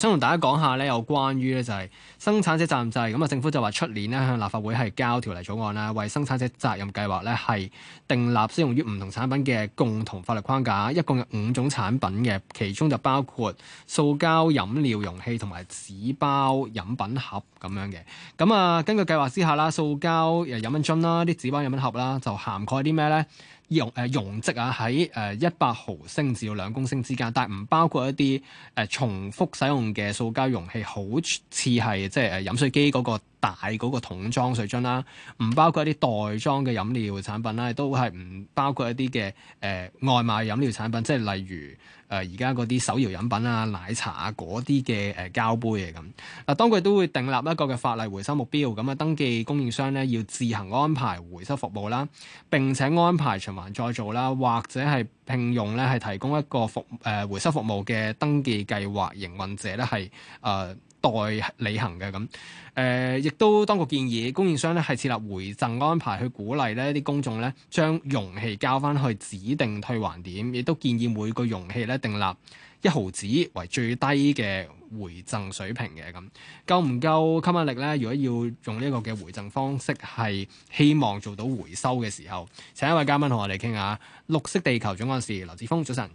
想同大家講下咧，有關於咧就係生產者責任制咁啊。政府就話出年呢向立法會係交條例草案啦，為生產者責任計劃咧係訂立適用於唔同產品嘅共同法律框架，一共有五種產品嘅，其中就包括塑膠飲料容器同埋紙包飲品盒咁樣嘅。咁啊，根據計劃之下啦，塑膠誒飲品樽啦，啲紙包飲品盒啦，就涵蓋啲咩咧？用誒容積啊，喺誒一百毫升至到兩公升之間，但係唔包括一啲誒重複使用嘅塑膠容器，好似係即係誒飲水機嗰個。大嗰個桶裝水樽啦，唔包括一啲袋裝嘅飲料產品啦，亦都係唔包括一啲嘅、呃、外賣飲料產品，即係例如誒而家嗰啲手搖飲品啊、奶茶啊嗰啲嘅誒膠杯嘅咁。嗱、啊，當佢都會訂立一個嘅法例回收目標，咁啊登記供應商咧要自行安排回收服務啦，並且安排循環再造啦，或者係聘用咧係提供一個服、呃、回收服務嘅登記計劃營運者咧係誒。代履行嘅咁，誒亦都當局建議供應商咧係設立回贈安排去鼓勵呢啲公眾咧將容器交翻去指定退還點，亦都建議每個容器咧訂立一毫紙為最低嘅回贈水平嘅咁，夠唔夠吸引力呢？如果要用呢個嘅回贈方式係希望做到回收嘅時候，請一位嘉賓同我哋傾下。綠惜地球總幹事劉祉鋒，早晨。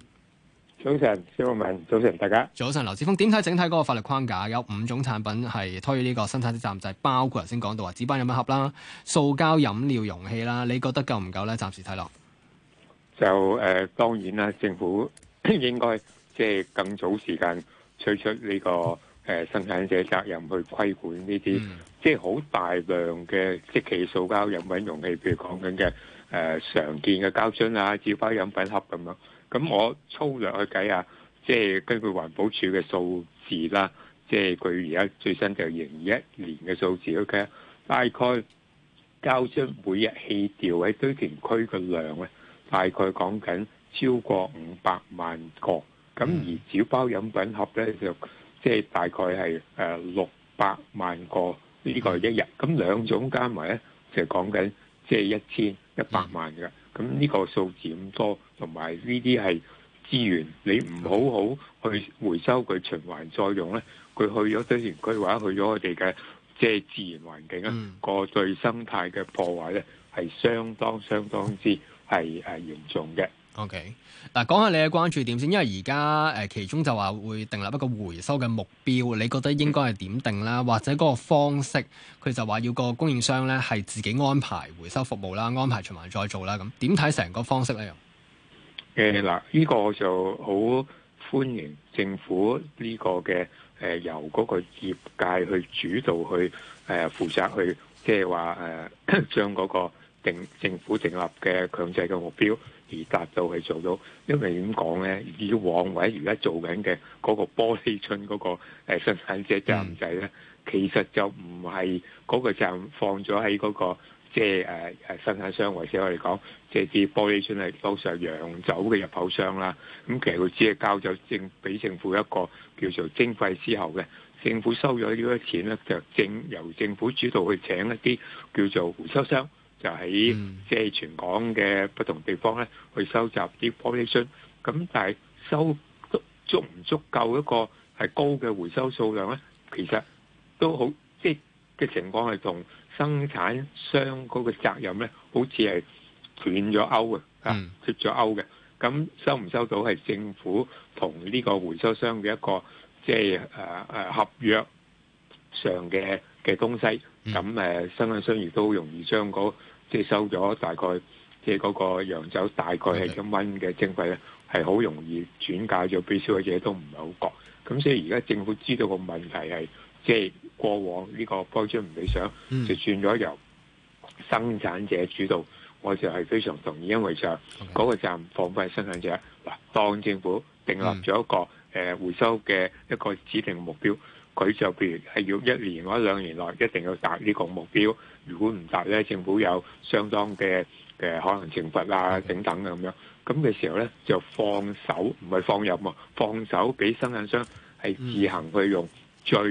早晨，小浩文，早晨大家。早晨，劉祉鋒，點睇整體嗰個法律框架？有五種產品係推呢個生產者責任，包括頭先講到話紙包飲品盒啦、塑膠飲料容器啦，你覺得夠唔夠咧？暫時睇落就誒、呃，當然啦，政府應該即係更早時間推出呢、這個誒、呃、生產者責任去規管呢啲、嗯，即係好大量嘅即棄塑膠飲品容器，譬如講緊嘅誒常見嘅膠樽啦、紙包飲品盒咁樣。咁我粗略去計下，即係根據環保署嘅數字啦，即係佢而家最新就係二一年嘅數字 OK，大概交出每日棄掉喺堆填區嘅量咧，大概講緊超過五百萬個，咁，嗯，而小包飲品盒咧就即係大概係誒六百萬個，呢個係一日。咁兩種加埋咧就係講緊即係一千一百萬㗎。嗯咁呢個數字咁多，同埋呢啲係資源，你唔好好去回收佢循環再用咧，佢去咗堆填區或者去咗我哋嘅即係自然環境咧，個對生態嘅破壞咧係相當相當之係嚴重嘅。O.K. 嗱，講下你嘅關注點先，因為而家誒，其中就話會訂立一個回收嘅目標，你覺得應該係點定啦？或者嗰個方式，佢就話要個供應商咧係自己安排回收服務啦，安排循環再造啦。咁點睇成個方式咧？又誒，嗱，呢個就好歡迎政府呢個嘅誒、呃，由嗰個業界去主導去誒，負、呃、責去即係話誒，將、就、嗰、是呃、個政政府訂立嘅強制嘅目標。而達到係做到，因為點講咧？以往或者而家做緊嘅嗰個玻璃樽嗰個生產者責任制咧，其實就唔係嗰個責任放咗喺嗰個即係誒誒生產商，或者我哋講，即係啲玻璃樽係通常洋酒嘅入口商啦。咁其實佢只係交咗政俾政府一個叫做徵費，之後嘅政府收咗呢啲錢咧，就政由政府主導去請一啲叫做回收商。就喺即係全港嘅不同地方咧，去收集啲 information。咁但係收足足唔足夠一個係高嘅回收數量咧，其實都好即係嘅情況係同生產商嗰個責任咧，好似係斷咗鈎嘅，啊脫咗鈎嘅。咁收唔收到係政府同呢個回收商嘅一個即係誒誒合約上嘅嘅東西。咁、嗯、誒、啊，生產商亦都好容易將、那個，即係收咗大概即係嗰個洋酒，大概係一蚊嘅徵費咧，係、嗯、好容易轉嫁咗俾消費者，都唔係好覺，咁所以而家政府知道個問題係即係過往呢個包裝唔理想，嗯、就轉咗由生產者主導，我就係非常同意，因為就嗰個責任放俾生產者嗱，當政府訂立咗一個誒、嗯、回收嘅一個指定目標。佢就譬如係要一年或者兩年內一定要達呢個目標。如果唔達咧，政府有相當嘅嘅可能懲罰啊，等等嘅咁樣。咁嘅時候咧，就放手唔係放任啊，放手俾生產商係自行去用最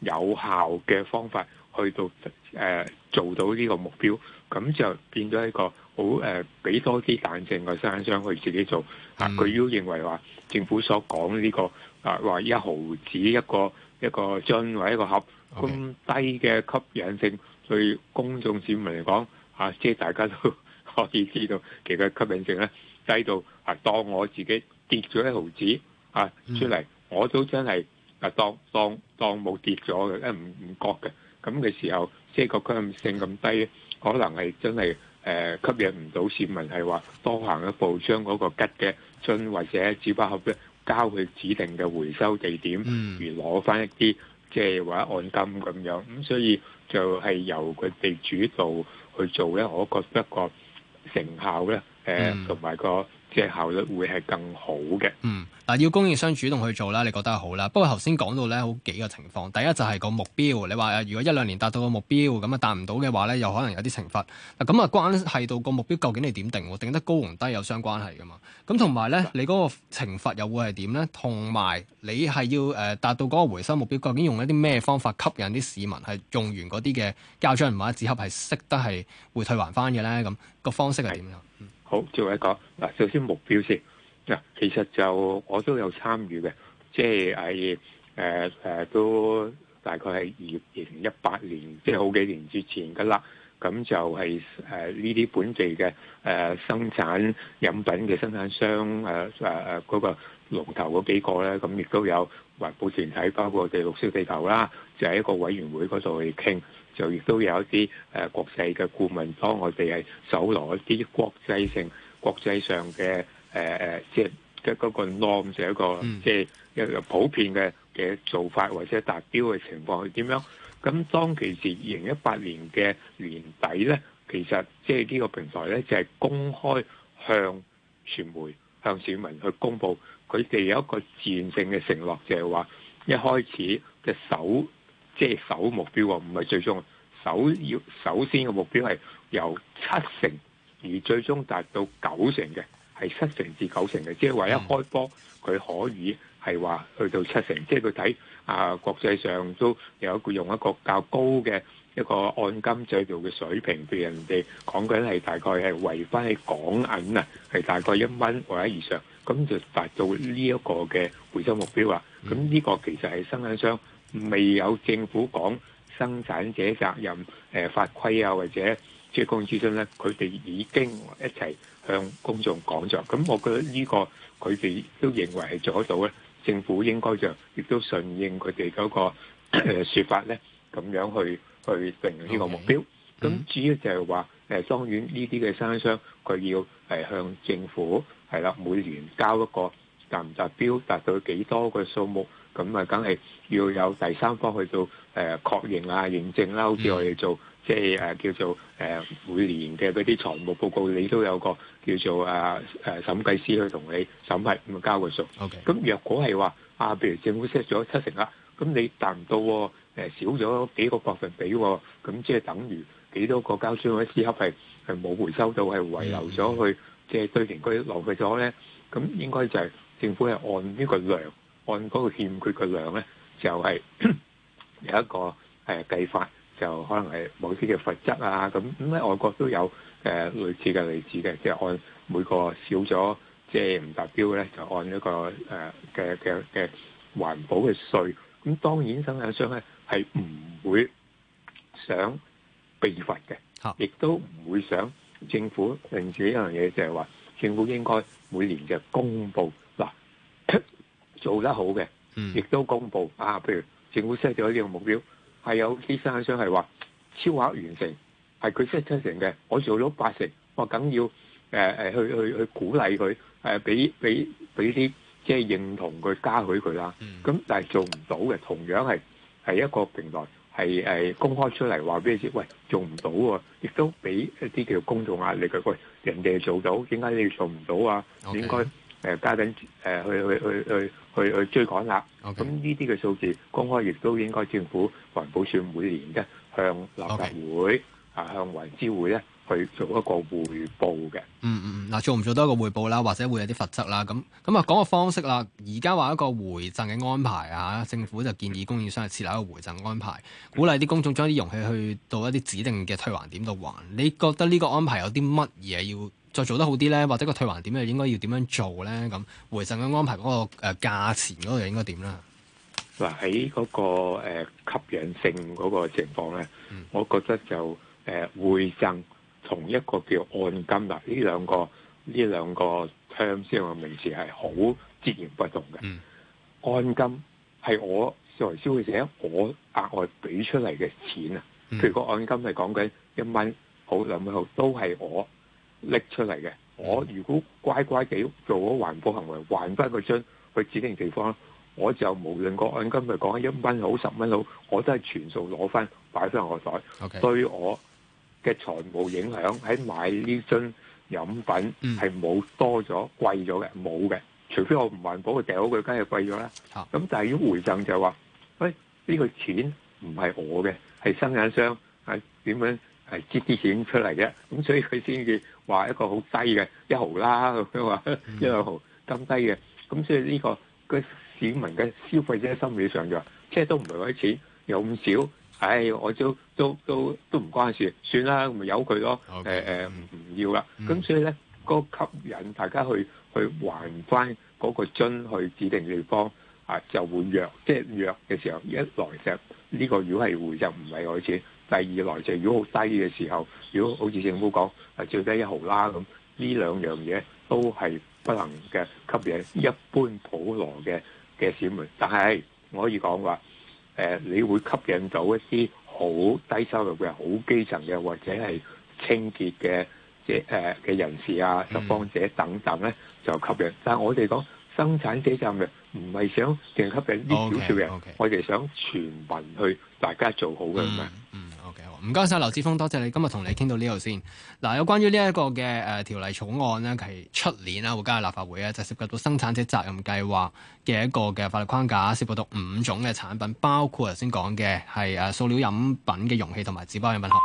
有效嘅方法去到誒做到呢個目標。咁就變咗一個好誒，俾多啲彈性嘅生產商去自己做啊。佢要認為話政府所講呢個啊話一毫子一個。一個樽或者一個盒咁，okay. 低嘅吸引性，對公眾市民嚟講，啊，即、就、係、是、大家都可以知道，其實吸引性咧低到啊，當我自己跌咗一毫子啊出嚟，我都真係啊當當當冇跌咗嘅，因為唔唔覺嘅。咁嘅時候，即係個吸引性咁低，可能係真係誒、啊、吸引唔到市民係話多行一步，將嗰個吉嘅樽或者紙包盒交佢指定嘅回收地點，而攞翻一啲即係或者按金咁樣，咁所以就係由佢哋主導去做咧，我覺得個成效咧，誒、呃，同、mm. 埋個。即係效率會係更好嘅。嗯，但要供應商主動去做啦，你覺得好啦。不過頭先講到咧，好幾個情況。第一就係個目標，你話如果一兩年達到個目標，咁啊達唔到嘅話咧，又可能有啲懲罰。咁啊關係到個目標究竟係點定？定得高同低有相關係噶嘛？咁同埋咧，你嗰個懲罰又會係點咧？同埋你係要誒達到嗰個回收目標，究竟用一啲咩方法吸引啲市民係用完嗰啲嘅膠樽或者紙盒係識得係會退還翻嘅咧？咁個方式係點樣？好，再講嗱，首先目標先嗱，其實就我都有參與嘅，即係誒誒誒，都大概係二零一八年，即係好幾年之前噶啦，咁就係誒呢啲本地嘅誒生產飲品嘅生產商誒誒誒嗰個龍頭嗰幾個咧，咁亦都有環保團體，包括我哋綠惜地球啦，就係一個委員會嗰度去傾。就亦都有一啲誒國際嘅顧問，幫我哋係搜羅一啲國際性、國際上嘅誒誒即係即嗰個 norm，就一個即係、就是、一個普遍嘅嘅做法或者達標嘅情況去點樣，咁當其時二零一八年嘅年底咧，其實即係呢個平台咧就係、是、公開向傳媒、向市民去公布佢哋有一個自願性嘅承諾，就係、是、話一開始嘅搜即係首目標，唔係最終。首要首先嘅目標係由七成，而最終達到九成嘅，係七成至九成嘅。即係話一開波，佢可以係話去到七成。即係佢睇啊，國際上都有一個用一個較高嘅一個按金制度嘅水平，譬如人哋講緊係大概係維翻喺港銀啊，係大概一蚊或者以上，咁就達到呢一個嘅回收目標啊。咁呢個其實係生產商。未有政府講生產者責任誒、呃、法規啊，或者即係公眾諮詢咧，佢哋已經一齊向公眾講咗。咁我覺得呢、這個佢哋都認為係做得到咧。政府應該就亦都順應佢哋嗰個説法咧，咁樣去去定呢個目標。咁、Okay. 主要就係話誒，當然呢啲嘅商商佢要係向政府係啦，每年交一個達唔達標、達到幾多個數目。咁啊，梗係要有第三方去做誒、呃、確認啊、認證啦，好似我哋做即係誒叫做誒、啊、每年嘅嗰啲財務報告，你都有個叫做啊誒、啊、審計師去同你審核咁交個數。咁、okay. 若果係話啊，譬如政府 set 咗七成啦，咁你達唔到喎、哦呃，少咗幾個百分比，咁即係等於幾多個膠樽或者紙盒係冇回收到，係遺留咗去即係堆填區浪費咗咧，咁應該就係政府係按呢個量。按嗰個欠缺嘅量咧，就係有一個誒計法，就可能係某啲嘅罰則啊，咁咁喺外國都有誒類似嘅例子嘅，即係按每個少咗即係唔達標咧，就按一個誒嘅嘅嘅環保嘅稅。咁當然生產商咧係唔會想被罰嘅，亦都唔會想政府認住一樣嘢，就係話政府應該每年嘅公佈。做得好嘅，亦、嗯、都公布啊！譬如政府 set 咗呢個目標，係有啲生產商係話超額完成，係佢 set 七成嘅，我做到八成，我梗要誒、呃、去去去鼓勵佢，誒俾俾俾啲即係認同佢嘉許佢。佢、嗯、啦。咁但係做唔到嘅，同樣係係一個平台，係、呃、公開出嚟話俾你知：「喂，做唔到喎，亦都俾一啲叫公眾壓力佢。喂，人哋做到，點解你做唔到啊？Okay. 應該。誒加緊誒、呃、去去去去去去追趕啦！咁呢啲嘅數字公開，亦都應該政府環保署每年咧向立法會、okay. 啊，向環諮會咧去做一個彙報嘅。嗯嗯，嗱，做唔做多一個彙報啦？或者會有啲罰則啦？咁咁啊，講個方式啦。而家話一個回贈嘅安排啊，政府就建議供應商係設立一個回贈安排，鼓勵啲公眾將啲容器去到一啲指定嘅退還點度還。你覺得呢個安排有啲乜嘢要？再做得好啲咧，或者個退還點、那個呃、又應該要點樣做咧？咁回贈嘅安排嗰個價錢嗰個應該點啦？嗱喺嗰個吸引性嗰個情況咧、嗯，我覺得就誒、呃、回贈同一個叫按金啦，呢兩個呢兩個 terms 呢名字係好截然不同嘅、嗯。按金係我作為消費者，我額外俾出嚟嘅錢啊、嗯，譬如個按金係講緊一蚊好兩蚊好，都係我。拎出嚟嘅，我如果乖乖地做咗環保行為，還翻嗰樽去指定地方，我就無論個按金咪講一蚊好十蚊好，我都係全數攞翻擺翻我袋。Okay. 對我嘅財務影響喺買呢樽飲品係冇多咗貴咗嘅，冇嘅，除非我唔環保，我掉佢，梗係貴咗啦。咁、啊、但係啲回贈就話，喂、欸、呢、呢個錢唔係我嘅，係生產商啊點樣？係擠啲錢出嚟嘅，咁所以佢先至話一個好低嘅，一毫啦，咁樣話，一毫咁低嘅，咁所以呢、這個個市民嘅消費者心理上就即係都唔係我啲錢，有咁少，唉、哎，我都都都都唔關事，算啦，咪由佢咯，誒誒唔要啦。咁所以咧，嗰、那個吸引大家去去還翻嗰個樽去指定地方啊，就換藥，即係藥嘅時候一來就呢、這個，如果係換就唔係我啲錢。第二來就係如果好低嘅時候，如果好似政府講係最低一毫啦咁，呢兩樣嘢都係不能嘅吸引一般普羅嘅嘅市民。但係我可以講話，呃，你會吸引到一啲好低收入嘅、好基層嘅或者係清潔嘅嘅、呃、人士啊、拾荒者等等咧、嗯，就吸引。但係我哋講生產者就唔係想淨吸引啲少少人，okay, okay. 我哋想全民去大家做好嘅。唔該晒，劉祉鋒，多謝，謝你今日同你傾到呢度先嗱。有、啊、關於呢一個嘅誒條例草案呢，其實出年啦，會加入立法會啊，就是、涉及到生產者責任計劃嘅一個嘅法律框架，涉及到五種嘅產品，包括頭先講嘅係塑料飲品嘅容器同埋紙包飲品盒。